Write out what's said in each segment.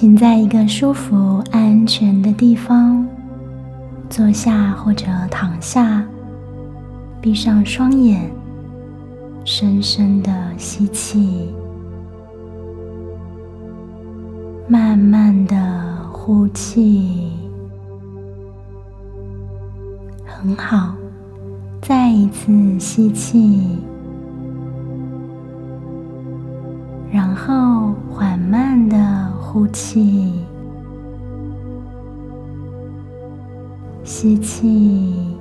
請在一個舒服、安全的地方坐下或者躺下，閉上雙眼，深深的吸氣，慢慢的呼氣。很好，再一次吸氣，然後緩慢的呼氣。呼氣，吸氣，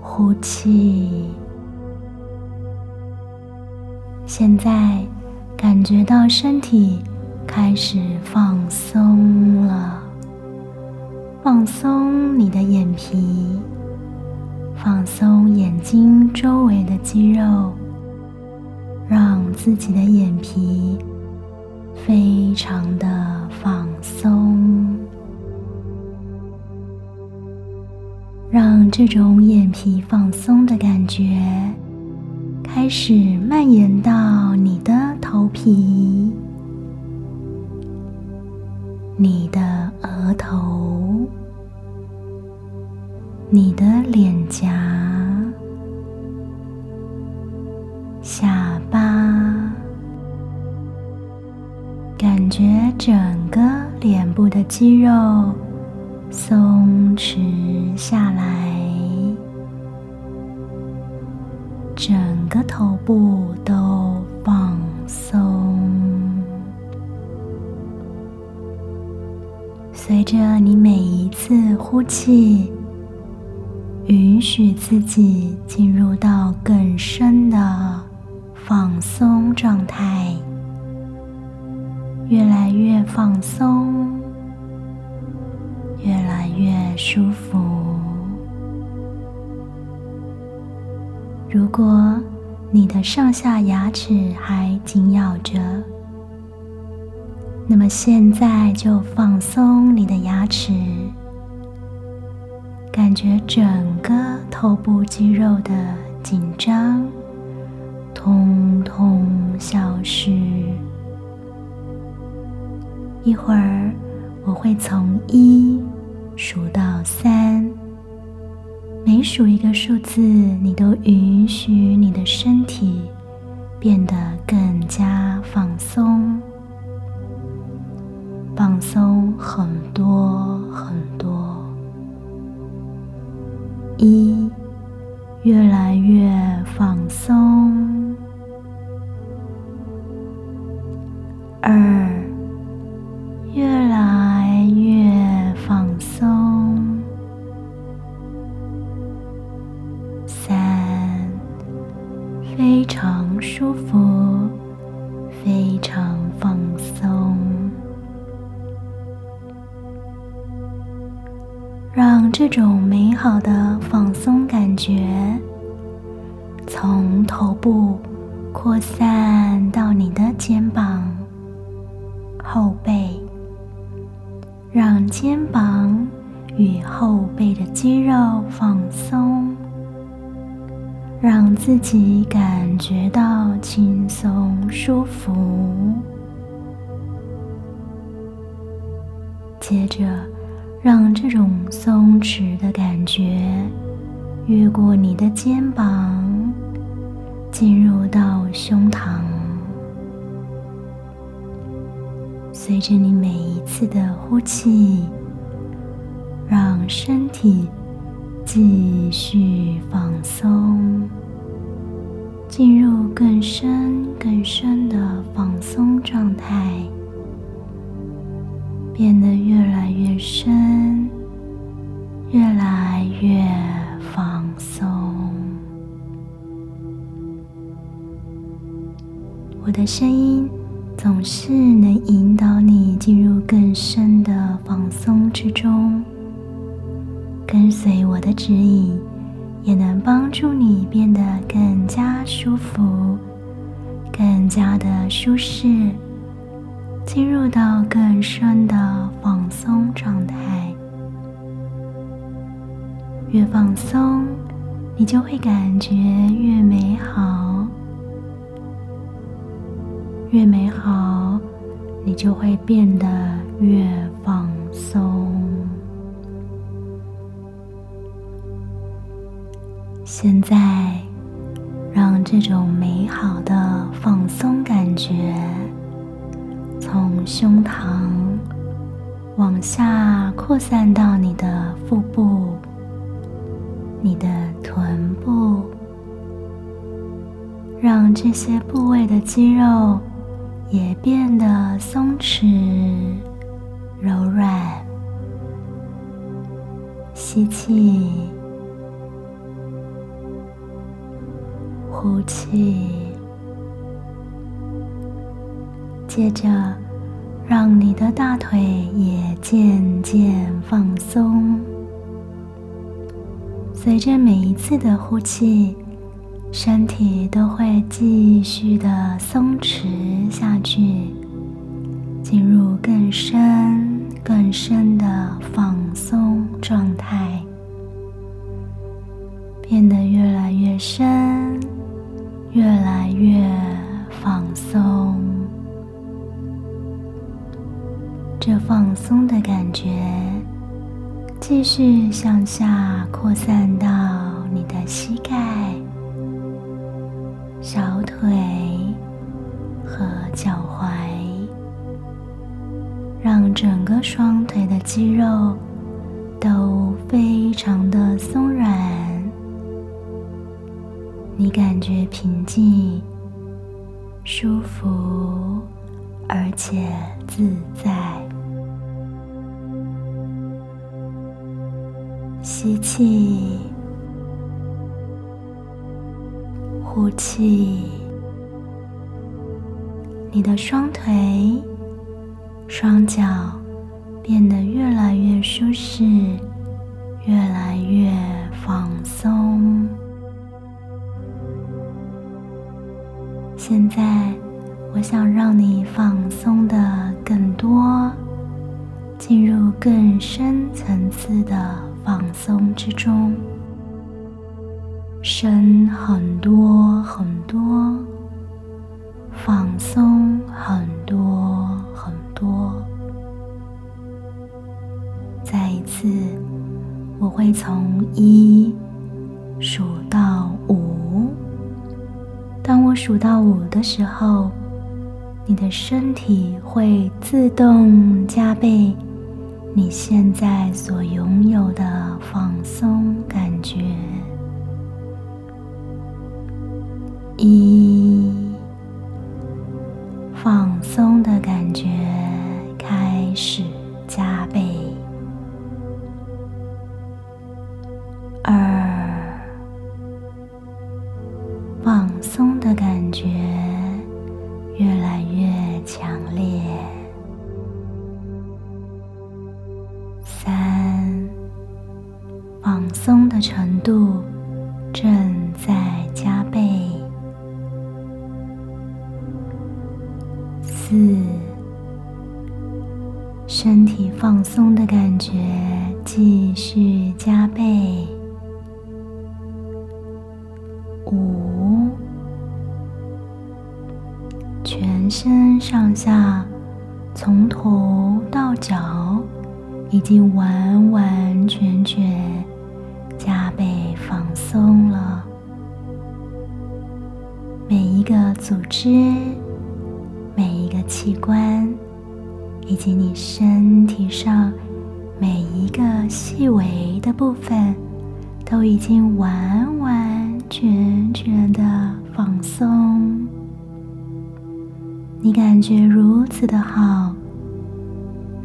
呼氣。現在感覺到身體開始放鬆了。放鬆你的眼皮，放鬆眼睛周圍的肌肉。讓自己的眼皮非常的放鬆，讓這種眼皮放鬆的感覺開始蔓延到你的頭皮、你的額頭、你的臉頰、下覺整個臉部的肌肉鬆弛下來，整個頭部都放鬆。隨着你每一次呼氣，允許自己進入到更深的放鬆狀態。越來越放鬆，越來越舒服。如果你的上下牙齒還緊咬着，那麼現在就放鬆你的牙齒，感覺整個頭部肌肉的緊張通通消失。一會兒，我會從一數到三，每數一個數字，你都允許你的身體變得更加。從頭部擴散到你的肩膀、後背，讓肩膀與後背的肌肉放鬆，讓自己感覺到輕鬆舒服。接着，讓這種鬆弛的感覺越過你的肩膀。進入到胸膛，隨着你每一次的呼氣，讓身體繼續放鬆，進入更深更深的放鬆狀態，變得越來越深，越來越放鬆。我的聲音總是能引導你進入更深的放鬆之中，跟隨我的指引，也能幫助你變得更加舒服、更加的舒適，進入到更深的放鬆狀態。越放鬆，你就會感覺越美好。越美好，你就會變得越放鬆。現在，讓這種美好的放鬆感覺從胸膛往下擴散到你的腹部、你的臀部，讓這些部位的肌肉。也變得鬆弛、柔軟。吸氣，呼氣。接着，讓你的大腿也漸漸放鬆。隨着每一次的呼氣。身體都會繼續的鬆弛下去，進入更深更深的放鬆狀態，變得越來越深，越來越放鬆。這放鬆的感覺繼續向下擴散到你的膝蓋。小腿和腳踝，讓整個雙腿的肌肉都非常的鬆軟。你感覺平靜、舒服，而且自在。吸氣。呼氣，你的雙腿、雙腳變得越來越舒適，越來越放鬆。現在，我想讓你放鬆的更多，進入更深層次的放鬆之中。深很多很多，放鬆很多很多。再一次，我會從一數到五。當我數到五的時候，你的身體會自動加倍你現在所擁有的放鬆感覺。一，放鬆的感覺開始加倍。二，放鬆的感覺越來越強烈。三，放鬆的程度正在。放鬆的感覺繼續加倍，五，全身上下，從頭到腳已經完完全全加倍放鬆了，每一個組織，每一個器官。以及你身體上每一個細微的部分都已經完完全全的放鬆，你感覺如此的好，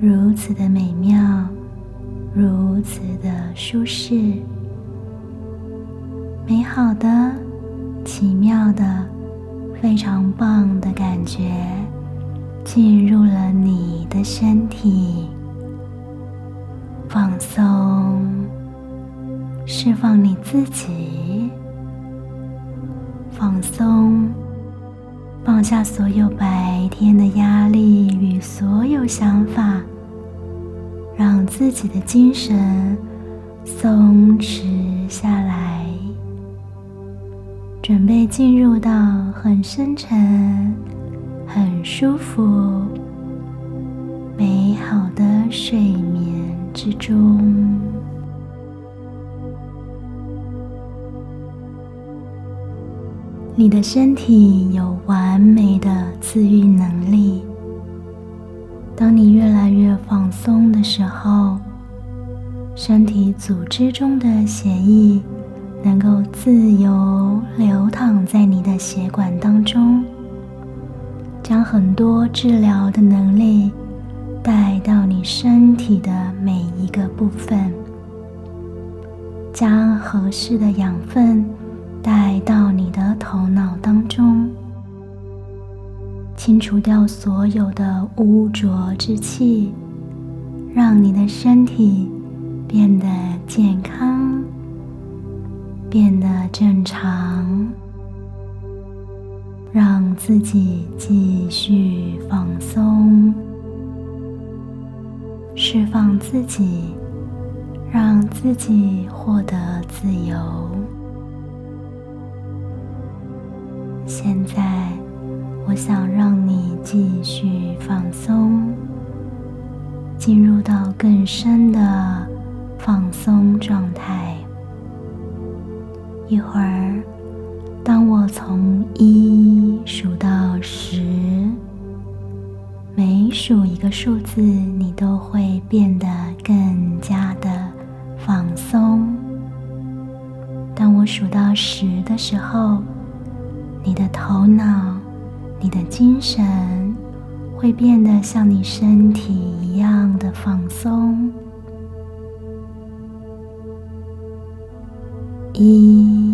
如此的美妙，如此的舒適，美好的、奇妙的、非常棒的感覺。進入了你的身體，放鬆，釋放你自己，放鬆，放下所有白天的壓力與所有想法，讓自己的精神鬆弛下來，準備進入到很深沉。很舒服，美好的睡眠之中，你的身體有完美的自癒能力。當你越來越放鬆的時候，身體組織中的血液能夠自由流淌在你的血管當中。將很多治療的能力帶到你身體的每一個部分，將合適的養分帶到你的頭腦當中，清除掉所有的污濁之氣，讓你的身體變得健康，變得正常。讓自己繼續放鬆，釋放自己，讓自己獲得自由。現在，我想讓你繼續放鬆，進入到更深的放鬆狀態。一會兒。當我從一數到十，每數一個數字，你都會變得更加的放鬆。當我數到十的時候，你的頭腦、你的精神會變得像你身體一樣的放鬆。一。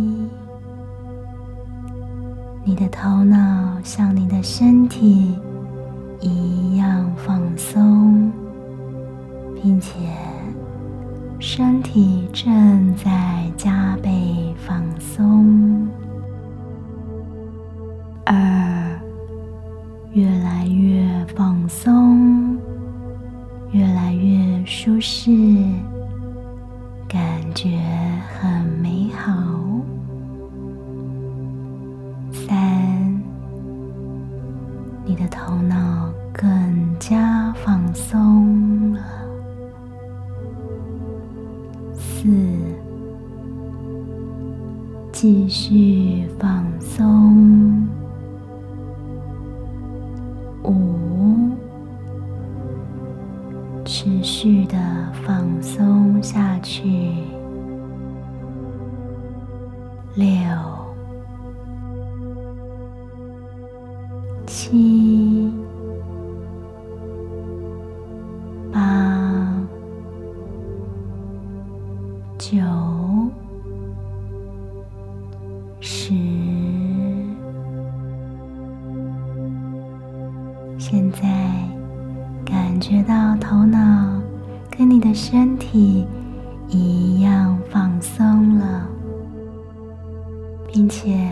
你的頭腦像你的身體一樣放鬆，並且身體正在加倍放鬆。三，你的頭腦更加放鬆了。四，繼續放。九、十，現在感覺到頭腦跟你的身體一樣放鬆了，並且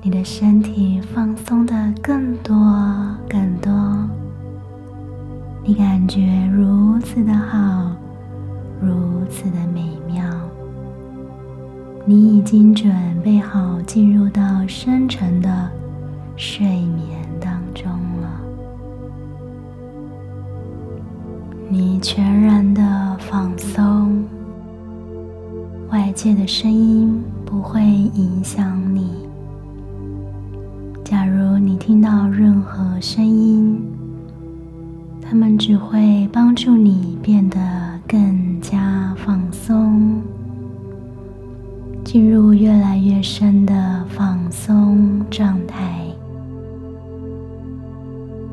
你的身體放鬆得更多更多，你感覺如此的好，如此的美妙。你已經準備好進入到深沉的睡眠當中了。你全然的放鬆，外界的聲音不會影響你。假如你聽到任何聲音，它們只會幫助你變得更加放鬆。進入越來越深的放鬆狀態，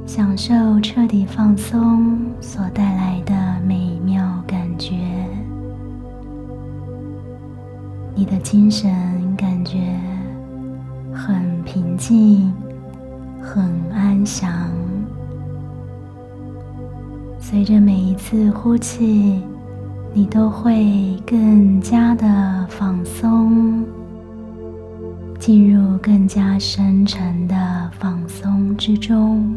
享受徹底放鬆所帶來的美妙感覺。你的精神感覺很平靜，很安詳。隨着每一次呼氣。你都會更加的放鬆，進入更加深沉的放鬆之中，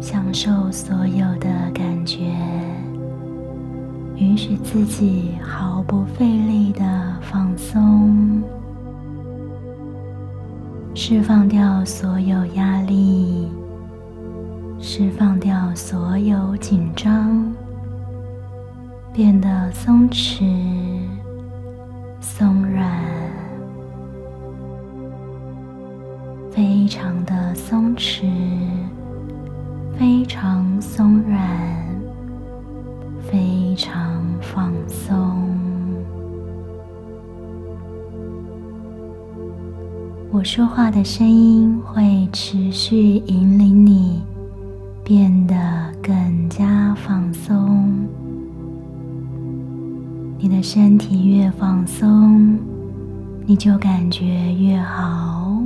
享受所有的感覺，允許自己毫不費力的放鬆，釋放掉所有壓力。釋放掉所有緊張，變得鬆弛、鬆軟，非常的鬆弛，非常鬆軟，非常放鬆。我說話的聲音會持續引領你。變得更加放鬆。你的身體越放鬆，你就感覺越好。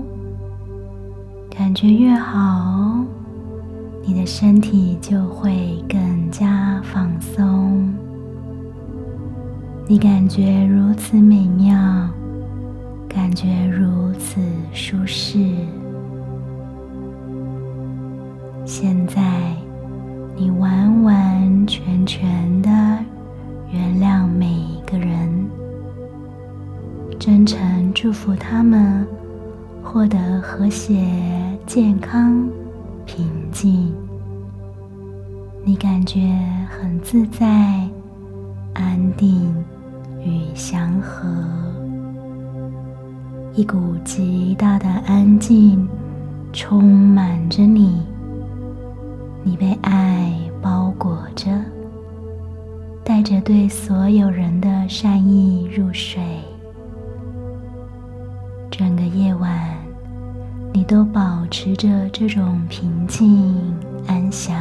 感覺越好，你的身體就會更加放鬆。你感覺如此美妙，感覺如此舒適。現在，你完完全全的原諒每一個人，真誠祝福他們獲得和諧、健康、平靜。你感覺很自在、安定與祥和，一股極大的安靜充滿着你。你被愛包裹着，帶着對所有人的善意入睡。整個夜晚，你都保持着這種平靜安詳。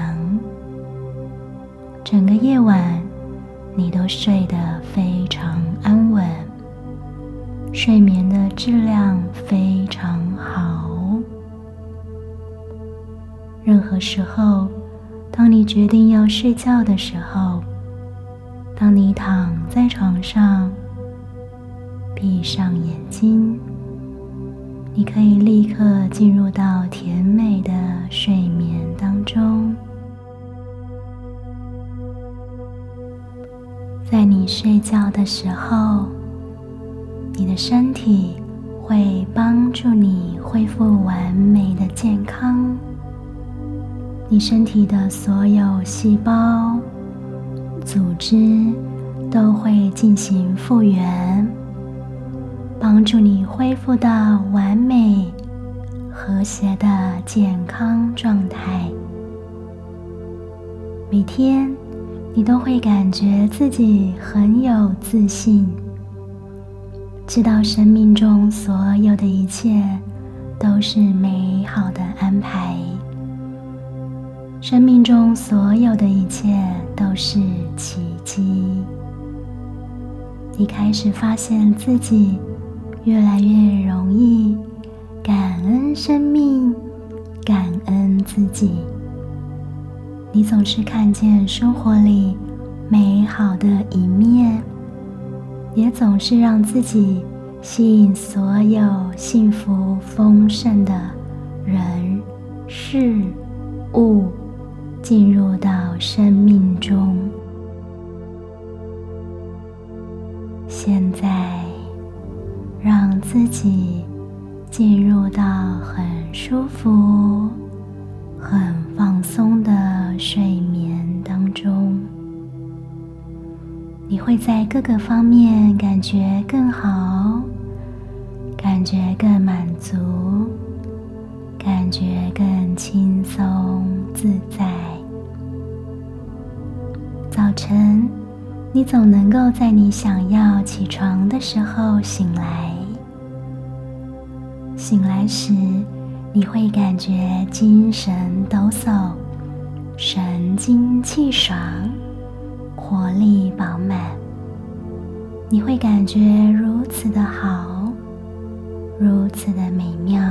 整個夜晚，你都睡得非常安穩，睡眠的質量非常。任何時候，當你決定要睡覺的時候，當你躺在床上，閉上眼睛，你可以立刻進入到甜美的睡眠當中。在你睡覺的時候，你的身體會幫助你恢復完美的健康。你身體的所有細胞、組織都會進行復原，幫助你恢復到完美、和諧的健康狀態。每天，你都會感覺自己很有自信，知道生命中所有的一切都是美好的安排。生命中所有的一切都是奇蹟。你開始發現自己越來越容易感恩生命，感恩自己。你總是看見生活裡美好的一面，也總是讓自己吸引所有幸福豐盛的人、事、物。進入到生命中，現在讓自己進入到很舒服、很放鬆的睡眠當中。你會在各個方面感覺更好，感覺更滿足。感覺更輕鬆自在。早晨，你總能夠在你想要起床的時候醒來。醒來時，你會感覺精神抖擻、神清氣爽、活力飽滿。你會感覺如此的好，如此的美妙。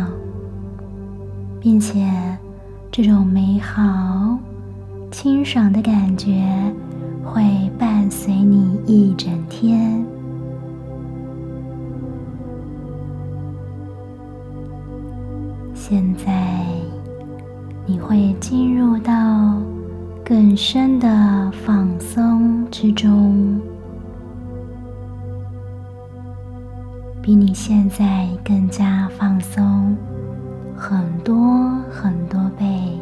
並且，這種美好、清爽的感覺會伴隨你一整天。現在，你會進入到更深的放鬆之中，比你現在更加放鬆。很多很多倍。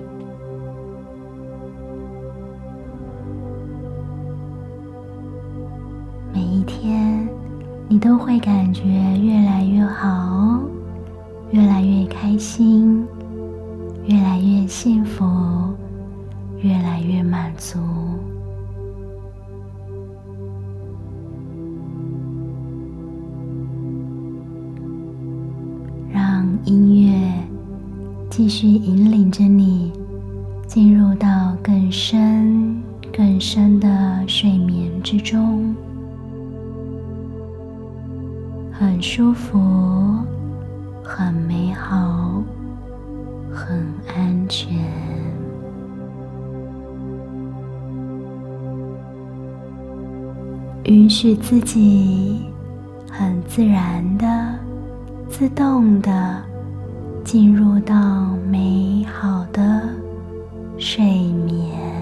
每一天，你都會感覺越來越好哦，越來越開心，越來越幸福，越來越滿足。讓音樂。繼續引領着你進入到更深、更深的睡眠之中，很舒服，很美好，很安全。允許自己很自然的、自動的。進入到美好的睡眠。